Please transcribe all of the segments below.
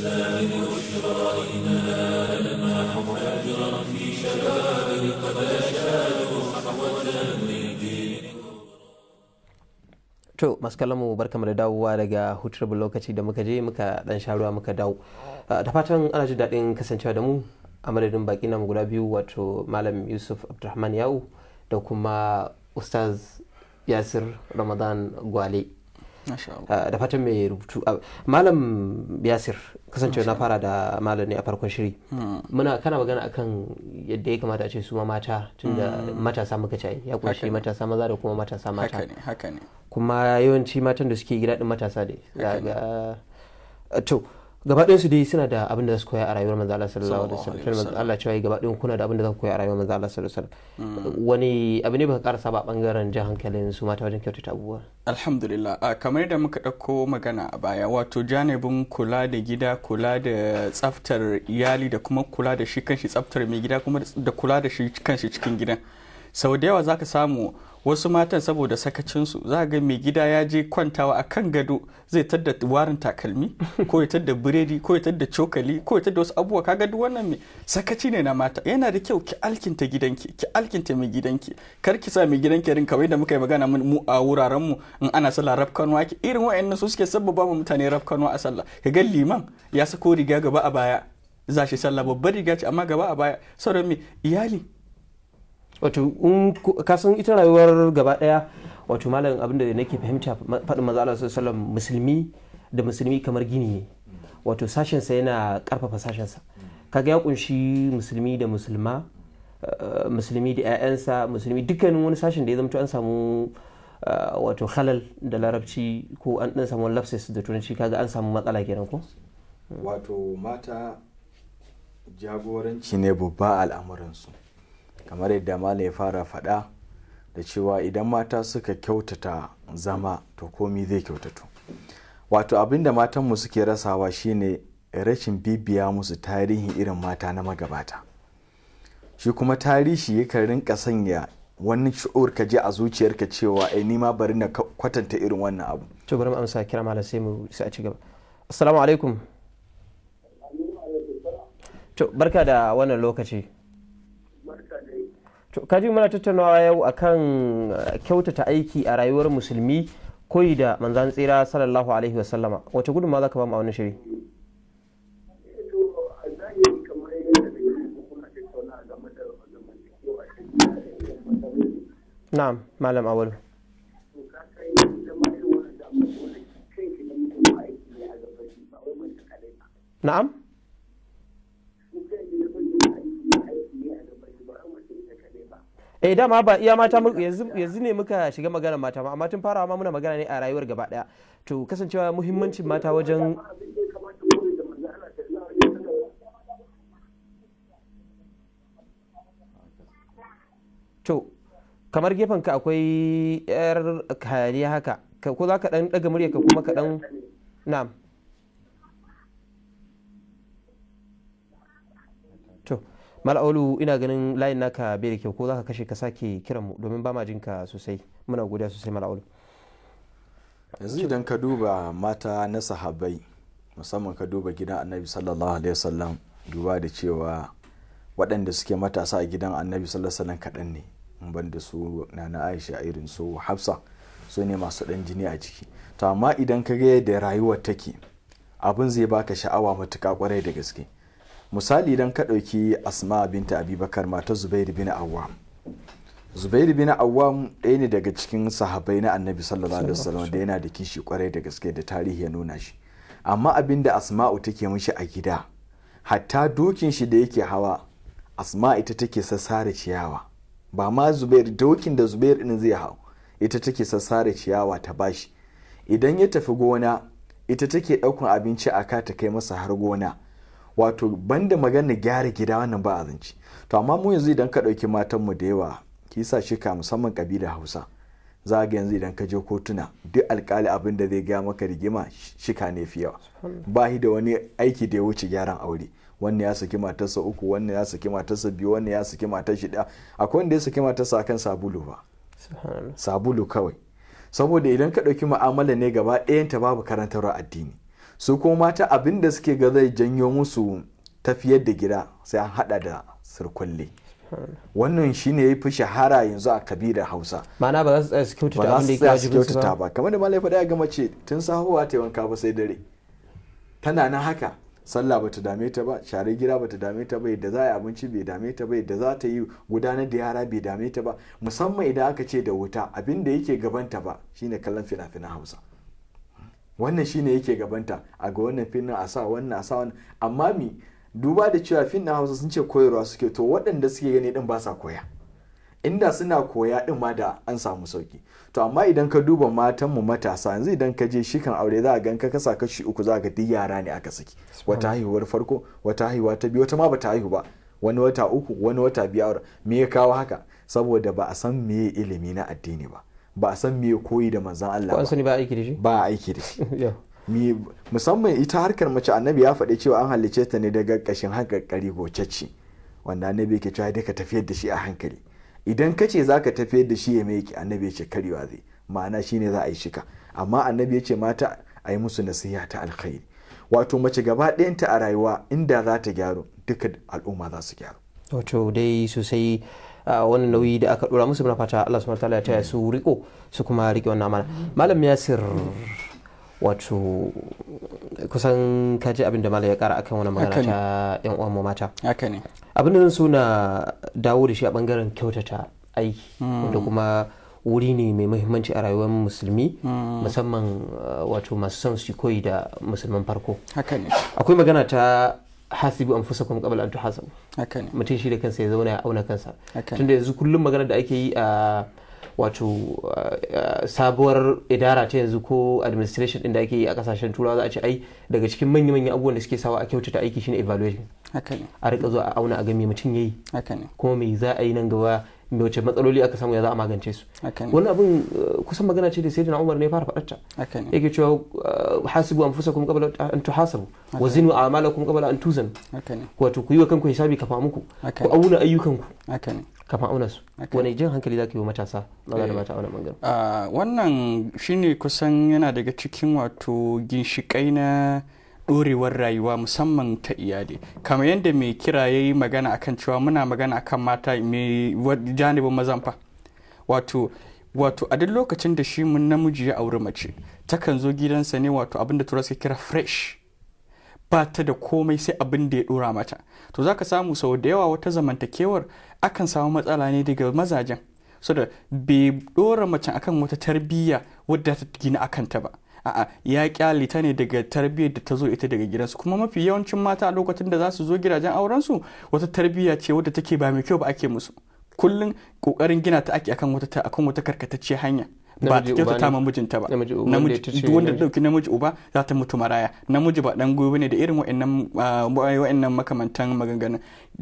to بشرائنا نلمح فجرا في to da dawowa daga hutar lokaci da muka je muka dan sharuwa muka dawo ah, da fatan ana jin daɗin kasancewa da mu a madadin baki namu guda biyu wato malam yusuf abdulrahman yau da kuma ustaz yasir ramadan gwale Ah, da fatan mai rubutu ah, malam yasir kasancewa na fara da malam ne a farkon shiri hmm. muna kana magana akan yadda ya kamata a ce su mata mata tunda hmm. matasa muka ci ya kunshi matasa maza da kuma matasa mata Haka ne. kuma yawanci matan da suke gida din matasa ne to gaba ɗayan su dai suna da abin da za su koya a rayuwar manzo Allah sallallahu alaihi wasallam Allah cewa gaba ɗayan kuna da abin da za ku koya a rayuwar manzo Allah sallallahu alaihi wasallam mm. wani abu ne baka karasa ba bangaren jan hankalin su mata wajen kyautata abubuwa alhamdulillah kamar da muka ɗauko magana a baya wato janibin kula da gida kula da tsaftar iyali da kuma kula da shi kanshi tsaftar mai gida kuma da kula da shi kanshi cikin gidan sau da yawa zaka samu wasu matan saboda sakacinsu za ga mai gida ya je kwantawa a kan gado zai tadda warin takalmi ko ya tadda biredi ko ya tadda cokali ko ya tadda wasu abubuwa kaga duk wannan mai sakaci ne na mata yana da kyau ki alkinta gidanki ki alkinta mai gidanki kar ki sa mai gidanki rin kawai da muka yi magana mu a wuraren mu in ana sallah rafkanwa ki irin wa'annan su suke sabbaba mu mutane rafkanwa a sallah kaga liman ya sako riga gaba a baya za shi sallah babbar riga ce amma gaba a baya sauran mai iyali wato in kasan ita rayuwar gaba daya wato malam abin da nake fahimta faɗin maza Allah sallallahu alaihi musulmi da musulmi kamar gini ne wato sashensa yana karfafa sashensa kaga ya kunshi musulmi da musulma eh, musulmi da 'ya'yansa musulmi dukkanin wani sashen da ya zama an samu eh, wato halal da larabci ko an dan samu lapses da turanci kaga an samu matsala kenan ko wato mata jagoranci ne babba al'amuransu kamar yadda malam ya fara faɗa da cewa idan mata suka kyautata zama to komi zai kyautatu wato abin da matanmu suke rasawa shine rashin bibiya musu tarihin irin mata na magabata shi kuma tarihi yakan rinka sanya wani shi'ur ka je a zuciyarka cewa ai eh, nima bari na kwatanta irin wannan abu to bari mu amsa kira malam sai mu sai a ci assalamu alaikum to barka da wannan lokaci kaji muna tattaunawa yau akan eh, kyautata aiki a rayuwar musulmi koyi da manzan tsira sallallahu alaihi wa sallama wace gudunma za ka ba mu a wani shiri na'am malam awalu na'am eh dama ba iya mata yanzu ne muka shiga magana mata amma tun farawa ma muna magana ne a rayuwar gaba daya to kasancewa muhimmancin mata wajen to kamar gefen ka akwai yar hayaniya haka ko za ka dan daga murya ka kuma ka dan na'am mal'aulu ina ganin layin naka bai da kyau ko za ka kashe ka sake kiran mu domin ba ma jin ka sosai muna godiya sosai mal'aulu yanzu idan ka duba mata na sahabai musamman ka duba gidan annabi sallallahu alaihi wasallam duba da cewa waɗanda suke matasa a gidan annabi sallallahu alaihi wasallam kaɗan ne ban da su na aisha irin su hafsa su ne masu ɗan jini a ciki to amma idan ka ga yadda rayuwar take abin zai baka sha'awa matuƙa kwarai da gaske misali don ka ɗauki asma binta abubakar mata zubairu bin awwa zubairu bin awwam ɗaya ne daga cikin sahabai na annabi sallallahu alaihi wasallam da yana da kishi kwarai da gaske da tarihi ya nuna shi amma abin da asma'u take mishi a gida hatta dokin shi da yake hawa asma ita take sassare ciyawa ba ma zubair dokin da zubair ɗin zai hau ita take sassare ciyawa ta bashi idan ya tafi gona ita take ɗaukan abinci a ka ta kai masa har gona wato banda magana gyara gida wannan ba azanci to amma mu yanzu idan ka ɗauki matan mu da yawa kisa shika shi ka musamman kabila hausa za ga yanzu idan ka je kotuna duk alƙali abin da zai gaya maka rigima shika ne fiye yawa ba da wani aiki da ya wuce gyaran aure wannan ya saki matarsa uku wannan ya saki matarsa biyu wannan ya saki matar shi ɗaya akwai wanda ya saki matarsa akan sabulu ba sabulu kawai saboda idan ka ɗauki mu'amala ne gaba ɗayanta babu karantarwa addini su kuma mata abin da suke ga zai janyo musu tafiyar da gida sai an hada da sirkulle wannan shine ya fi shahara yanzu a kabilar hausa ma'ana ba za su tsaya su kyautata abin da yake kyautata ba kamar da malai faɗa gama ce tun sahowa ta wanka ba sai dare tana na haka sallah ba ta dame ta ba share gida ba ta dame ta ba yadda za a yi abinci bai dame ta ba yadda za ta yi gudanar da yara bai dame ta ba musamman idan aka ce da wuta abin da yake gabanta ba shine kallon fina-finan hausa wannan shi ne yake gabanta a ga wannan finnan a sa wannan a sa wannan amma mi duba da cewa fin na hausa sun ce koyarwa suke to waɗanda suke gani din ba sa koya inda suna koya din ma da an samu sauki to amma idan ka duba matan mu matasa yanzu idan ka je shi kan aure za a gan ka kasa kashi uku za ga duk yara ne aka saki wata haihuwar farko wata haihuwa ta biyu wata ma bata haihu ba wani wata uku wani wata biyar me ya kawo haka saboda ba a san meye ilimi na addini ba ba a san me koyi da manzan Allah ba ba aiki da shi ba aiki da shi musamman ita harkar mace annabi ya faɗi cewa an halice ta ne daga ƙashin hankali gocacci wanda annabi ke cewa duka tafiyar da shi a hankali idan kace ce za ka tafiyar da shi ya meke annabi ya ce karewa zai ma'ana shine za a yi shika amma annabi ya ce mata a yi musu nasiha ta alkhairi wato mace gaba ɗayanta a rayuwa inda za ta gyaru duka al'umma za su gyaru wato dai sosai wani nauyi da aka dora musu na fata Allah subhanahu wataala ya taya su riko su kuma rike wannan amana malam yasir wato kusan kaji abin da malam ya kara akan wani magana ta yan uwan mu mata haka ne abin da zan so na dawo da shi a bangaren kyautata aiki hmm. Da kuma wuri ne mai muhimmanci a rayuwar musulmi hmm. musamman wato masu son su koyi da musulman farko akwai magana ta hasibu anfusakum qabla an tuhasabu mutum shi da kansa ya zauna ya auna kansa tunda yanzu kullum magana da ake yi a wato sabuwar idara ta yanzu ko administration din da ake yi a kasashen turawa za a ce ai daga cikin manya manyan abubuwan da suke sawa a kyautata aiki shine evaluation a rika zuwa a auna a ga me mutum yayi kuma me za a yi nan gaba wace matsaloli aka samu ya za a magance su wani abin uh, kusan magana ce da sayyidina umar ne fara faɗarta yake cewa uh, hasibu kuma kabala an hasabu wa zinu kuma kabala an tuzan wato ku yi wa kanku hisabi kafa muku ku auna ayyukanku kafa auna su wani jan hankali za zaka yi matasa maza da eh, mata a wannan bangaren uh, wannan shine kusan yana daga cikin wato ginshikai na ɗorewar rayuwa musamman ta iyali kamar yadda mai kira ya yi magana akan cewa muna magana akan mata mai janibin mazan wato wato a duk lokacin da shi mun namiji ya auri mace takan zo gidansa ne wato abin da tura suka kira fresh ba ta da komai sai abin da ya dora mata to zaka samu sau da yawa wata zamantakewar akan samu matsala ne daga mazajen so da bai ɗora mace akan wata tarbiyya wadda ta gina akan ta ba a'a ya kyale ta ne daga tarbiyyar da ta zo ita daga gidansu kuma mafi yawancin mata a lokacin da za su zo gidajen aurensu. su wata tarbiyya ce wadda take ba mai kyau ba ake musu kullum kokarin gina ta ake akan wata akan wata karkatacce hanya ba ta kyautata ma mijinta ba namiji wanda dauki namiji uba za ta mutu maraya namiji ba dan gobe ne da irin wa'annan ah, makamantan maganganun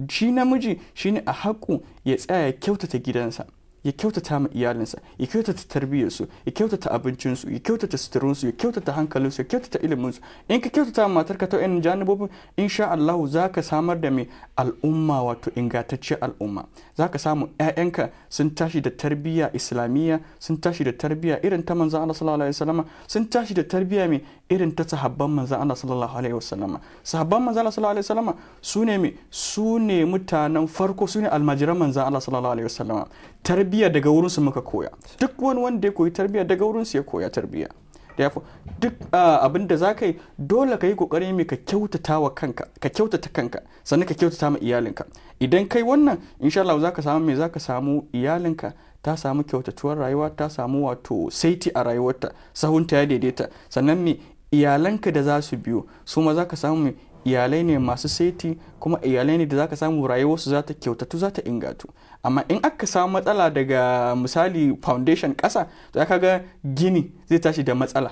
shi namiji shine a haƙu ya tsaya ya kyautata gidansa ya kyautata ma iyalinsa ya kyautata tarbiyyarsu ya kyautata abincinsu ya kyautata suturunsu ya kyautata hankalinsu ya kyautata iliminsu in ka kyautata ma ka ta yan janibobin insha Allahu za ka samar da mai al'umma wato ingantacce al'umma za ka samu 'ya'yanka sun tashi da tarbiyya islamiyya sun tashi da tarbiyya irin ta manzo Allah sallallahu alaihi sun tashi da tarbiyya mai irin ta sahabban manzan Allah sallallahu alaihi wasallama sahabban manzan Allah sallallahu alaihi wasallama su ne me su ne mutanen farko su ne almajiran manzan Allah sallallahu alaihi wasallama tarbiyya daga wurin su muka koya duk wani wanda ya koyi tarbiyya daga wurin su ya koya tarbiyya therefore duk ah, abin da za ka yi dole ka yi kokari mai ka kyautata wa kanka ka kyautata kanka sannan ka kyautata ma iyalinka idan kai wannan insha Allah za ka samu me za ka samu iyalinka ta samu kyautatuwar rayuwa ta samu wato saiti a rayuwarta sahunta ya daidaita sannan me iyalanka da za su biyo su ma za ka samu iyalai ne masu saiti kuma iyalai ne da za ka samu rayuwarsu za ta kyautatu za ta ingatu amma in aka samu matsala daga misali foundation kasa za ka ga gini zai tashi da matsala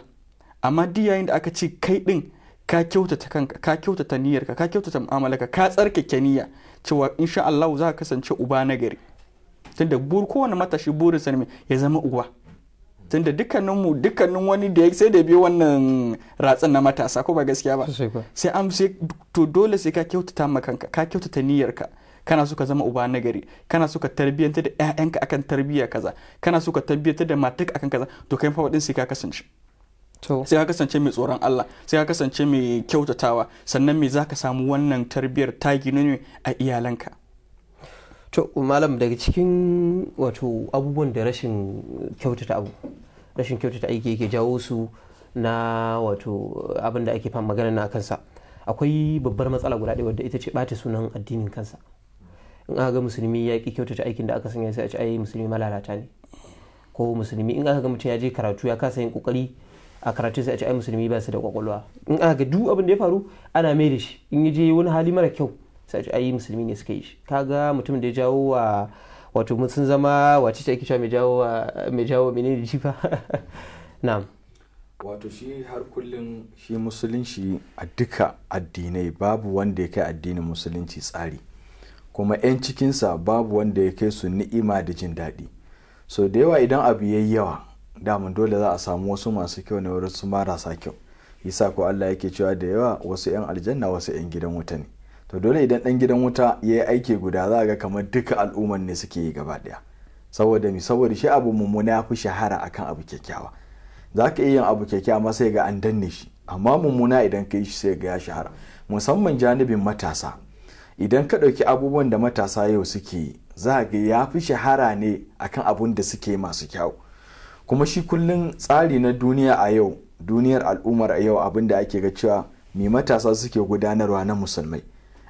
amma duk yayin da aka ce kai din ka kyautata kanka ka kyautata niyyarka ka kyautata mu'amalarka ka tsarkake niyya cewa insha Allah za ka kasance uba na gari tunda kowane matashi burinsa ne ya zama uba tunda dukkaninmu dukkanin wani da sai da biyo wannan ratsan na matasa ko ba gaskiya ba sai am sai to dole sai ka kyautata ma kanka ka kyautata niyyarka kana so ka zama uba na gari kana so ka tarbiyyanta da ƴaƴanka akan tarbiyya kaza kana so ka tarbiyyanta da matarka akan kaza to kai fa wadin sai ka kasance sai ka kasance mai tsoron Allah sai ka kasance mai kyautatawa sannan me zaka samu wannan tarbiyyar ta gina ne a iyalanka to malam daga cikin wato abubuwan da rashin kyautata abu rashin kyautata aiki yake jawo su na wato abin da ake fama magana na kansa akwai babbar matsala guda ɗaya wadda ita ce ɓata sunan addinin kansa in aka ga musulmi ya ƙi kyautata aikin da aka sanya sai a ci ai musulmi malalata ne ko musulmi in aka ga mutum ya je karatu ya kasa yin kokari a karatu sai a ci ai musulmi ba su da kwakwalwa in aka ga duk abin da ya faru ana mai da shi in ya je wani hali mara kyau sai a ai musulmi ne suka yi shi kaga mutum da ya jawo wa wato mun zama wace ce ake cewa mai jawo mai jawo da jifa na'am wato shi har kullum shi musulunci a duka addinai babu wanda ya kai addinin musulunci tsari kuma 'yan cikinsa babu wanda ya kai su ni'ima da jin daɗi so da yawa idan abu ya yawa damun dole za a samu wasu masu kyau ne wasu marasa kyau yasa ko allah yake cewa da yawa wasu 'yan aljanna wasu 'yan gidan wuta ne to dole idan dan gidan wuta ya yi aiki guda za ga kamar duka al'ummar ne suke yi gaba daya saboda mi saboda shi abu mummuna ya fi shahara akan abu kyakkyawa za ka iya yin abu kyakkyawa ma sai ga an danne shi amma mummuna idan ka yi shi sai ga ya shahara musamman janibin matasa idan ka ɗauki abubuwan da matasa yau suke yi za ga ya fi shahara ne akan abun da suke masu kyau kuma shi kullum tsari na duniya a yau duniyar al'ummar a yau abin da ake ga cewa mai matasa suke gudanarwa na musulmai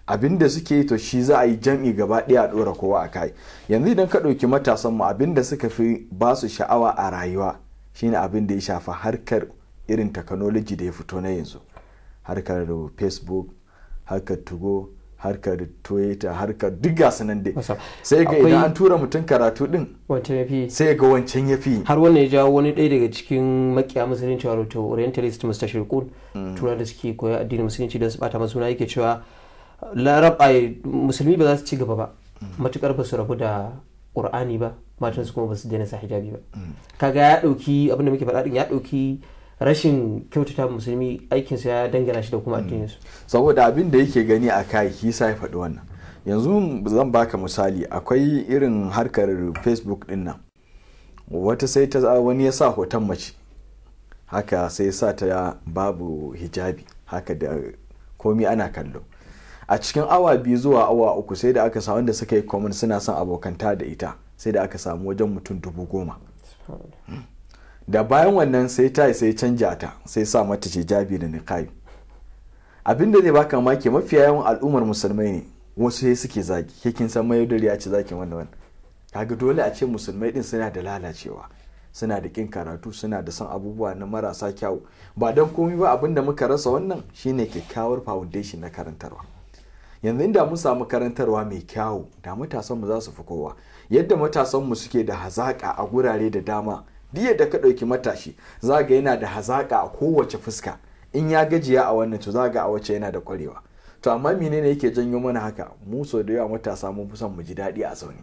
abinda suke yi to shi za a yi jam'i gaba ɗaya a ɗora kowa a kai yanzu idan ka ɗauki matasan mu abinda suka fi ba su sha'awa a rayuwa shine abin da ya shafa harkar irin technology da ya fito na yanzu harkar facebook harkar tugo harkar toyota harkar duk gasu nan dai sai ga idan an tura mutum karatu din sai ga wancan ya fi har wannan ya jawo wani ɗaya daga cikin makiya musulunci wato orientalist mr shirkun mm. tura da suke koya addinin musulunci don su bata masu suna yake cewa larab musulmi ba za su ci gaba ba mm. matukar ba su rabu da ƙurani ba matan su kuma ba su daina sa hijabi ba mm. kaga ya dauki abinda muke faɗa din ya dauki rashin kyautata musulmi aikin su ya dangana shi da kuma mm. addinin su saboda abin da yake gani a kai kisa ya faɗi wannan yanzu zan baka misali akwai irin harkar facebook din nan wata sai ta wani ya sa hoton mace haka sai sa ta babu hijabi haka da komi ana kallo a cikin awa biyu zuwa awa uku sai da aka samu wanda suka yi comment suna son abokanta da ita sai da aka samu wajen mutum dubu goma da bayan wannan sai ta sai canja ta sai sa mata jabi da niqabi abin da zai baka maki mafiya yawan al'ummar musulmai ne wasu sai suke zagi ke kin san mai ya ce zaki wannan wannan kaga dole a ce musulmai din suna da lalacewa suna da kin karatu suna da son abubuwa na marasa kyau ba don komi ba abinda muka rasa wannan shine kyakkyawar foundation na karantarwa yanzu inda mun samu karantarwa mai kyawu da matasanmu za su fi kowa yadda matasanmu suke da hazaƙa a gurare da dama diya da ka ɗauki matashi za ga yana da hazaƙa a kowace fuska in ya gajiya a wannan to za ga a wacce yana da ƙwarewa to amma ne yake janyo mana haka mu sau da yawa matasa mun fi son mu ji daɗi a zaune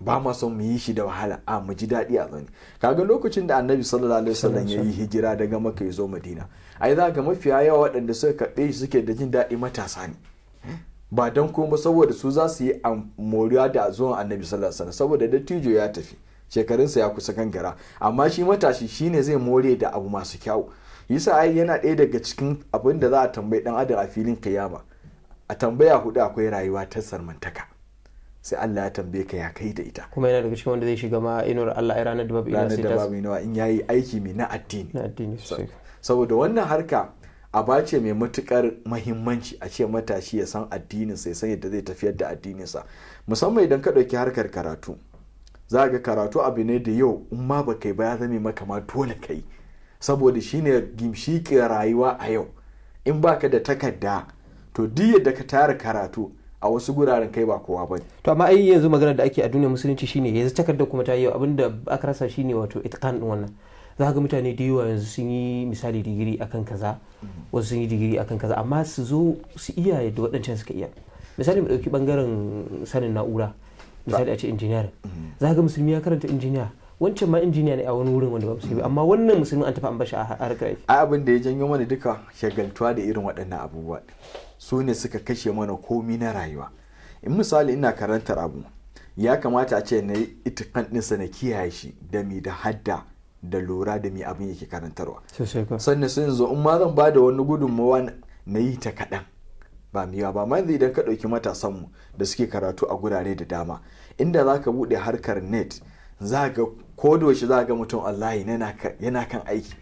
ba ma son mu yi shi da wahala a mu ji daɗi a zaune kaga lokacin da annabi sallallahu alaihi wasallam ya yi hijira daga maka ya zo madina ai za ga mafiya yawa waɗanda suka karɓe shi suke da jin daɗi matasa ne ba don kuma saboda su za su yi moriya da zuwan annabi sallallahu alaihi saboda dattijo ya tafi shekarunsa ya kusa gangara amma shi matashi shine zai more da abu masu kyau yasa ai yana ɗaya daga cikin abin da za a tambayi dan adam a filin kiyama a tambaya hudu akwai rayuwa ta sarmantaka sai Allah ya tambaye ka ya kai da ita kuma yana daga cikin wanda zai shiga ma inuwar Allah ai ranar da babu sai ranar da babu inuwa in yayi aiki mai na addini na addini saboda wannan harka a bace mai matukar mahimmanci a ce matashi ya san addininsa ya san yadda zai tafiyar da addininsa musamman idan ka ɗauki harkar karatu za ga karatu abu ne da yau in ma ba kai ba ya zame maka ma dole kai saboda shine gimshiƙin rayuwa a yau in ba ka da takarda to duk yadda ka tara karatu a wasu guraren kai ba kowa bane to amma ai yanzu magana da ake a duniyar musulunci shine yanzu takarda kuma ta yau abinda aka rasa shine wato itqan din wannan za ga mutane da yawa yanzu sun yi misali digiri akan kaza wasu sun yi digiri akan kaza amma su zo su iya yadda waɗancan suka iya misali mu ɗauki ɓangaren sanin na'ura misali a ce injiniyar mm-hmm. za ga musulmi ya karanta injiniya wancan ma injiniya ne a wani wurin wanda ba musulmi amma wannan musulmi an tafi an bashi a harkar aiki abin da ya janyo mana duka shagaltuwa da irin waɗannan abubuwa su ne suka kashe mana komi na rayuwa in misali ina karantar abu ya kamata a ce na yi itikan ɗinsa na kiyaye shi da mi da hadda da lura da mi abin yake karantarwa sannan sun zo in ma zan ba da wani gudunmawa na yi ta kaɗan ba miya ba ma idan ka ɗauki matasanmu da suke karatu a gurare da dama inda za ka buɗe harkar net za ga kodoshi za ga mutum allahi yana kan aiki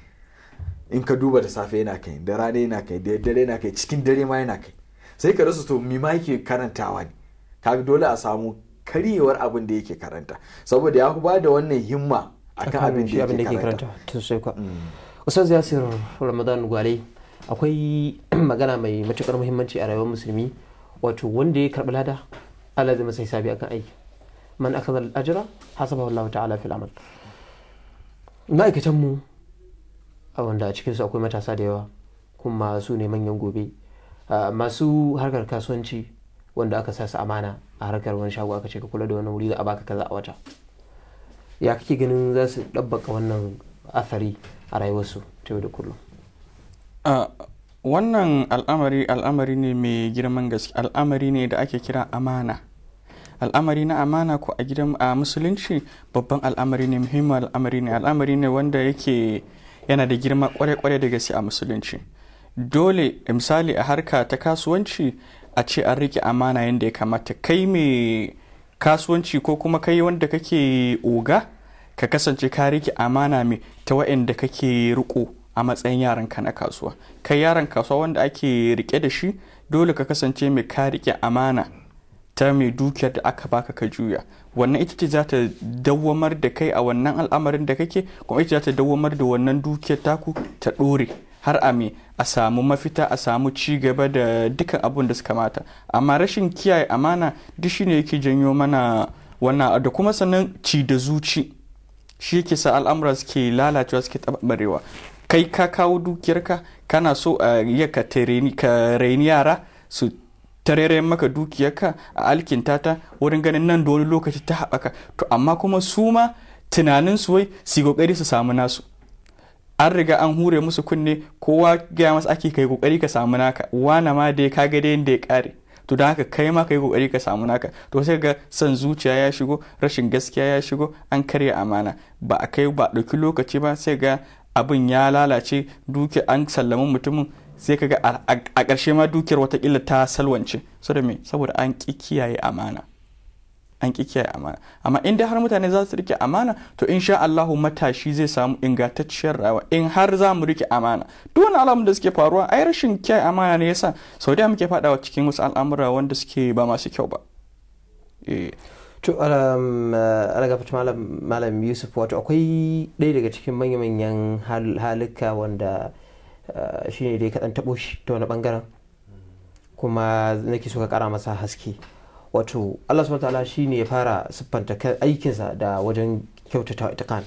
in ka duba da safe yana kai da rana yana kai da dare yana kai cikin dare ma yana kai sai ka rasa to mi ma yake karantawa ne ka dole a samu karyewar abin da yake karanta saboda ya ba da wannan himma akan abin da ke karanta to sai mm. ustaz yasir ramadan gwale akwai magana mai matukar muhimmanci a rayuwar musulmi wato wanda ya karbi lada Allah zai masa hisabi akan aiki man akaza al-ajra hasabahu Allah ta'ala fil amal ma'aikatan mu a wanda cikinsu akwai matasa da yawa kuma su ne manyan gobe masu harkar kasuwanci wanda aka sa su amana a harkar wani shago aka ce ka kula da wani wuri za a baka kaza a wata ya kake ganin za su ɗabbaka wannan athari a rayuwarsu ta yau da kullum wannan al'amari al'amari ne mai girman gaske al'amari ne da ake kira amana al'amari na amana ko a gidan a musulunci babban al'amari ne muhimmin al'amari ne al'amari ne wanda yake yana da girma kware-kware da gaske a musulunci dole misali a harka ta kasuwanci a ce an rike amana yadda ya kamata kai mai kasuwanci ko kuma kai wanda kake oga ka kasance ka rike amana mai ta waɗanda kake riko a matsayin yaran ka na kasuwa kai yaran kasuwa wanda ake rike da shi dole ka kasance mai ka rike amana ta mai dukiyar da aka baka ka juya wannan ita ce za ta dawwamar da kai a wannan al'amarin da kake kuma ita za ta dawwamar da wannan dukiyar taku ta ɗore har a me a samu mafita a samu ci gaba da dukkan abun da suka mata amma rashin kiyaye amana duk shi ne yake janyo mana wannan da kuma sannan ci da zuci shi yake sa al'amura suke lalacewa suke tabarewa kai ka kawo dukiyarka kana so a iya ka raini yara su tarere maka dukiyarka a alkinta ta wurin ganin nan da wani lokaci ta haɓaka to amma kuma su ma tunanin su wai su yi kokari su samu nasu an riga an hure musu kunne kowa gaya masa ake kai kokari ka samu naka wana ma dai ka ga dai ya kare to da haka kai ma kai kokari ka samu naka to sai ga san zuciya ya shigo rashin gaskiya ya shigo an karya amana ba a kai ba ɗauki lokaci ba sai ga abin ya lalace duki an sallamin mutumin sai kaga a ƙarshe ma dukiyar watakila ta salwance saboda me saboda an ƙi kiyaye amana an ki kiyaye amana amma in dai har mutane za su rike amana to in sha Allahu matashi zai samu ingantacciyar rayuwa in har za mu rike amana duk wani alamun da suke faruwa ai rashin kiyaye amana ne yasa sau da muke fadawa cikin wasu al'amura wanda suke ba masu kyau ba eh. to alagafat eh, malam yusuf wato akwai ɗaya daga cikin manya-manyan halika wanda eh, shine dai kaɗan taɓo shi ta wani ɓangaren kuma nake so ka ƙara masa haske wato Allah subhanahu ta'ala shine ya fara siffanta aikinsa da wajen kyautata itiqan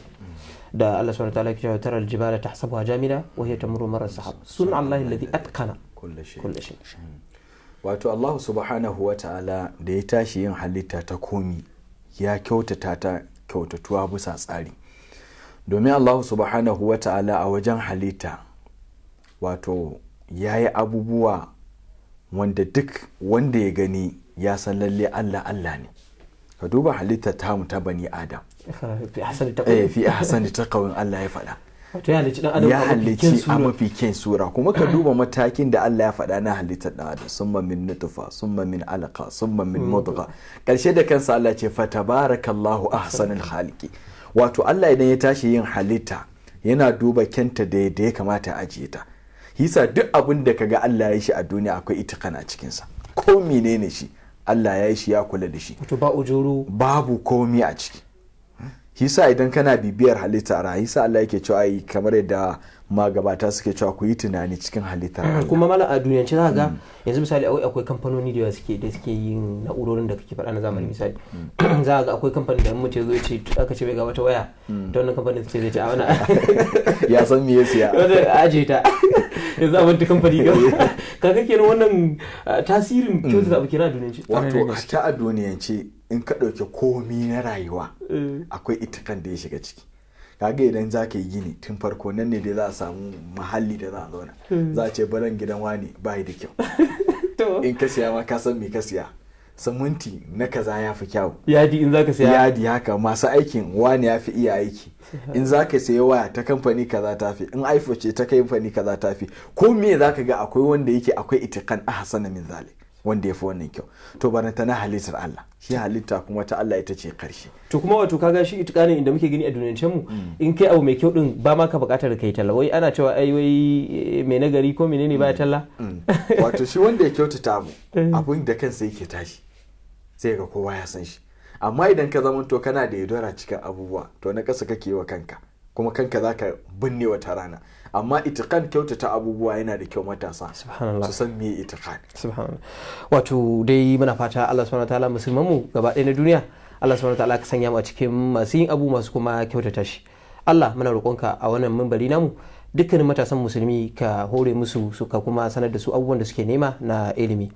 da Allah subhanahu ta'ala ya cewa taral jibala tahsabuha jamida wa hiya tamuru marar sahab sun Allah alladhi atqana kulli shay hmm. wato Allah subhanahu wa ta'ala da ya tashi yin halitta ta komi ya kyautata ta kyautatuwa bisa tsari domin Allah subhanahu wa ta'ala a wajen halitta wato ya yi abubuwa wanda duk wanda ya gani ya san lalle Allah Allah ne ka duba halitta ta mu ta bani adam fi hasani ta kawin eh, Allah ya faɗa ya halicci a mafi kyan sura kuma ka duba matakin da Allah ya faɗa na halittar ɗan adam summa min nutufa summa min alaka sun min hmm. mudgha karshe da kansa Allah ce fatabarakallahu ahsanul khaliqi wato Allah idan ya tashi yin halitta yana duba kyanta da ya kamata a ajiye ta hisa duk abin da kaga Allah ya shi a duniya akwai itikan a cikinsa ko menene shi Allah ya shi ya kula da shi ba ujuru babu komi a ciki hisa idan kana bibiyar halitta ra hisa Allah yake cewa kamar yadda magabata suke cewa ku yi tunani cikin halittar mm, kuma mala a duniyance za ga yanzu misali akwai kamfanoni da suke da suke yin na'urorin da kake faɗa na zamani misali mm. za ga akwai kamfanin da mutum zo ce aka ce ga wata waya mm. ta wannan kamfanin ce zai ce a wani ya san me yasa ya wanda aje ta yanzu a wani kamfani ga kaga kenan wannan tasirin kyautar abu kenan a duniyance wato ta a duniyance in ka ɗauki komi na rayuwa eh. akwai ita kan da ya shiga ciki kaga idan za ka yi gini tun farko nan ne dai za a samu mahalli da za a zauna hmm. za a ce balan gidan wani ba da kyau in ka siya ma ka san me ka siya samunti na kaza ya fi kyau yadi in ka siya yadi haka masu aikin wani ya fi iya aiki in zaka siya waya ta kamfani kaza ta fi in iphone ce ta kamfani kaza ta fi ko me zaka ga akwai wanda yake akwai itikan ahsana min zalik wanda ya fi wannan kyau to baranta na halittar Allah shi halitta kuma ta Allah ita ce karshe to kuma wato kaga shi itikanin inda muke gani a duniyar mu mm. in kai abu mai kyau din ba ma ka bukatar kai talla wai ana cewa ai wai eh, mai nagari ko menene ba talla mm. Mm. wato shi wanda ya kyautata mu eh. abun da kansa yake tashi sai ga kowa ya san shi amma idan ka zamanto kana da yaudara cikin abubuwa to na kasa kake wa kanka kuma kanka zaka binne wata rana amma itikan kyautata abubuwa yana da kyau matasa su san me itikan wato dai muna fata Allah subhanahu ta'ala musulman mu gaba ɗaya na duniya Allah subhanahu ta'ala ka sanya mu a cikin masu yin abu masu kuma kyautata shi Allah muna roƙonka a wannan mimbari namu dukkanin matasan musulmi ka hore musu su ka kuma sanar da su abubuwan da suke nema na ilimi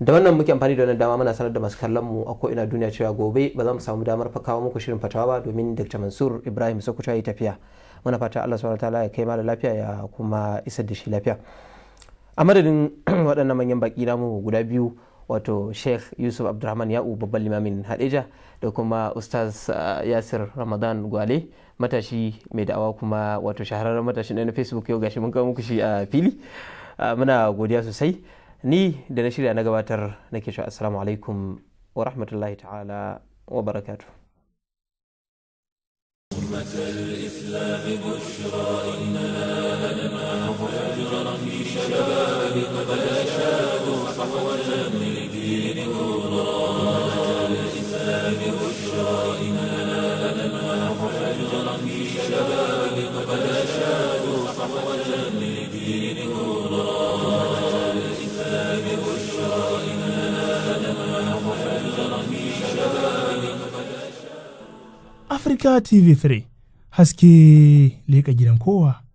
da wannan muke amfani da wannan dama muna sanar da masu kallon mu a ko'ina duniya cewa gobe ba za mu samu damar fakawa muku shirin fatawa ba domin dr mansur ibrahim sokoto ya yi tafiya muna fata Allah subhanahu wataala ya kai mara lafiya ya kuma isar da shi lafiya a madadin waɗannan manyan baki namu guda biyu wato sheikh yusuf abdulrahman ya'u babban limamin hadeja da kuma ustaz ah, yasir ramadan gwale matashi mai da'awa kuma wato shahararren matashin na facebook yau gashi mun kawo muku shi a fili ah, muna godiya sosai ni da na shirya na gabatar nake shi assalamu alaikum wa rahmatullahi ta'ala wa barakatuh أمة الإسلام بشرى إننا نلمع فجرا في شباب قد أشار Africa TV3 haske leka gidan kowa.